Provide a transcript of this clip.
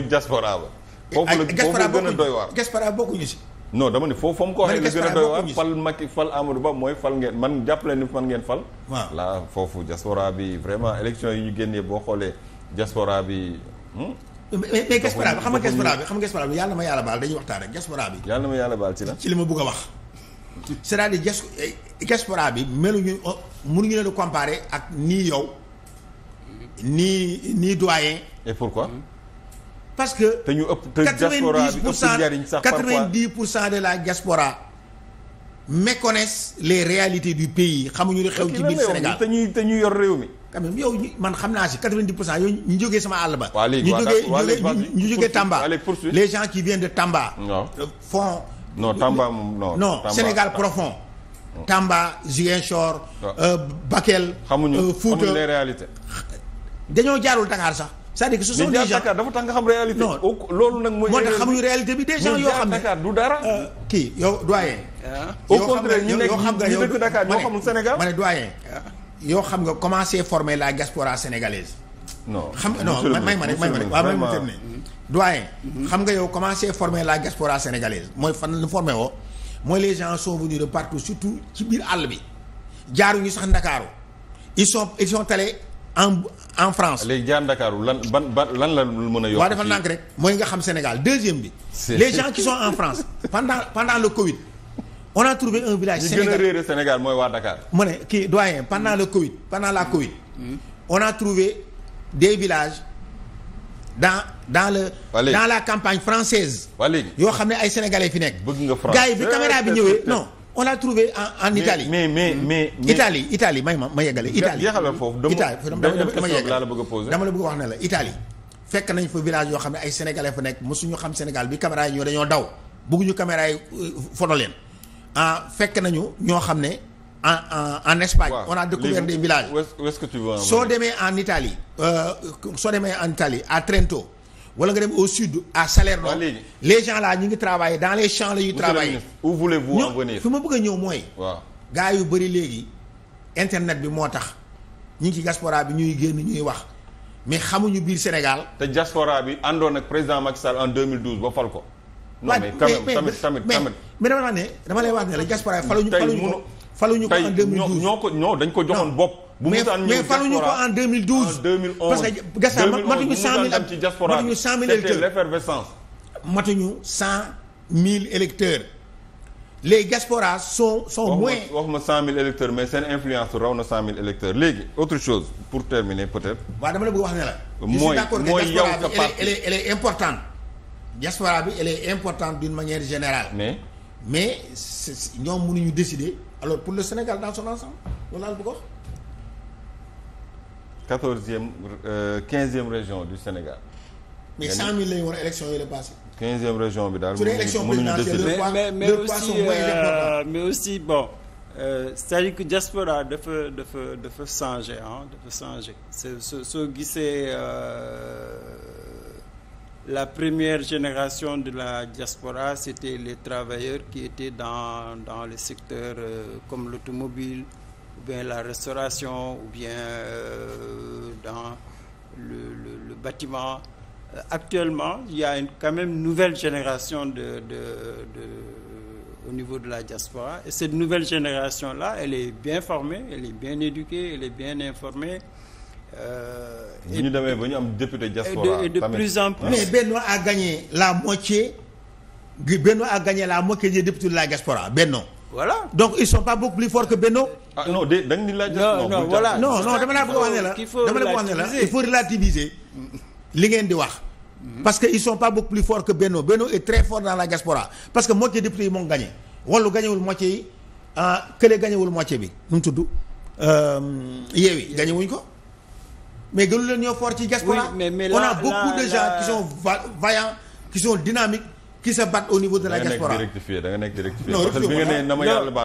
ci diaspora ba. foofu la foofu la gën a doy si. non dama ni foofu fa mu ko waxee la gën a doy waar fal Macky fal Amadou Ba mooy fal ngeen man jàppale ni man ngeen fal. waaw la foofu diaspora bi vraiment élection yi ñu génnee boo xoolee diaspora bi. Hmm? mais mais bi xam nga diaspora bi yàlla ma yàlla baal dañuy waxtaan rek diaspora bi. yàlla ma yàlla baal ci la ci li ma bëgg a wax. c'est-à-dire eh, diaspora bi meluñu oh, mënuñu leen a comparer ak nii yow nii nii doyen. et pourquoi. Mm-hmm. parce que. te ñu ëpp te diaspora bi ëpp njariñ sax parfois 90 pour cent de la diaspora méconnaissent les réalités du pays xamuñu li xew ci biir Sénégal te ñuy yor réew mi. quand même yow man xam naa si 90 pour cent yooyu ñu jógee sama àll ba. waa léegi ñu jógee Tamba. les gens ci viennent de Tamba. Euh, font non Tamba moom non. Sénégal profond. Tamba Ziguinchor. Euh, Bakel. xamuñu euh, xamuñu les réalités dañoo jaarul Dakar sax. c'est-à-dire que ce sont des gens Dakar dafa tax nga xam réalité. non loolu nag mooy. moo bi des yoo xam ne du dara. Euh, yow doyen. au xam nga commencé former la diaspora sénégalaise. non xam non may ma rek may ma rek waaw may ma xam nga yow commencé former la diaspora sénégalaise mooy fan la mooy les gens sont venus de partout surtout ci biir àll bi jaaruñu sax Ndakaaru ils sont ils en France. léegi jaar Ndakaaru lan ban ban lan la mën a yokk. waaw dafa nànk rek mooy nga xam Sénégal deuxième bi. les gens qui sont en France pendant pendant le Covid. on a trouvé un village. Sénégal ñu gën Sénégal mooy waa Dakar. mu ne kii doyen pendant le Covid pendant la Covid. on a trouvé des villages dans dans la campagne française yoo xam ne ay sénégalais fi nekk. bëgg nga France gars bi caméra eh, eh, ñëwee eh, on a trouvé en en Italie. mais mais hmm. mais mais Italie Italie may ma ma yeggale. Italie jeexal foofu dama la bëgg a poser dama la bëgg wax ne la Italie. fekk nañ fa village yoo xam ne ay sénégalais fa nekk mosuñu xam Sénégal bi caméra yi ñoo dañoo daw bëgguñu caméra yi euh, foto leen ah, fekk nañu ñoo xam ne en en en Espagne. on a découvert des villages. soo demee en Italie. Euh, soo demee en Italie à Trento. wala nga dem au sud à salaire donc les gens ñu ngi travailler dans les champs la ñuy travailler où voulez-vous fi ma bëgg a ñëw mooy waaw gars yu bëri léegi internet bi moo tax ñi ngi ci gaspora bi ñuy génn ñuy wax mais xamuñu biir Sénégal te diaspora bi àndoon ak président Macky Sall en 2012 ba fal ko non mais quand même tamit tamit tamit mais dama la wax ne dama lay wax ne la diaspora faluñu faluñu faluñu ko en 2012 ñoo ko ñoo dañ ko joxoon bopp bu Mousane ñëwee mais faluñu ko en 2012. en 2011 parce que gasa matuñu matuñu électeurs c'était l'effervescence matuñu 100000 électeurs. les diasporas sont moins. waxuma mais seen influence raw na 100000 électeurs léegi autre chose pour terminer peut-être. waaw dama la bëgg wax ne la. mooy mooy yow sa parti elle est elle est bi elle est importante d'une manière générale. mais mais ñoom mënuñu décider alors pour le Sénégal dans son ensemble loolu laa bëgg quatorzième euh, quinzième région du Sénégal. mais cent mille yi la passé. quinzième région bi daal. mënuñu décider mais euh, mais aussi bon. Euh, c'est-à-dire que diaspora dafa dafa dafa changer ah dafa gisee la première génération de la diaspora c'était les travailleurs qui étaient dans dans les secteurs comme l'automobile la restauration ou bien euh, dans le, le, le bâtiment. Euh, actuellement, il y quand même nouvelle génération de, de, de, au de la diaspora. Et cette nouvelle génération-là, elle est bien formée, elle est bien éduquée, elle est bien informée. Euh, et, et, de, et de plus en plus. Mais Benoît a gagné la moitié. Benoît a gagné la moitié des députés de la diaspora. Benoît. voilà donc ils sont pas beaucoup plus forts que Benno. ah non de da nga ni laaj. non non voilà dama la bëgg wax ne la dama la bëgg wax ne la il faut relativiser li ngeen di wax. parce que ils sont pas beaucoup plus forts que Benno Benno est très fort dans la diaspora parce que moitié député yi moo gagné Wallu gagnéwul moitié yi ah Kële gagnéwul moitié bi nu mu tudd euh, Yewwi gagnéwuñ ko mais gënu leen ñoo fort ci diaspora. on a beaucoup de gens qui sont vaillants qui sont dynamiques. qui se battent au niveau de la diaspora da nga nekk di rectifier da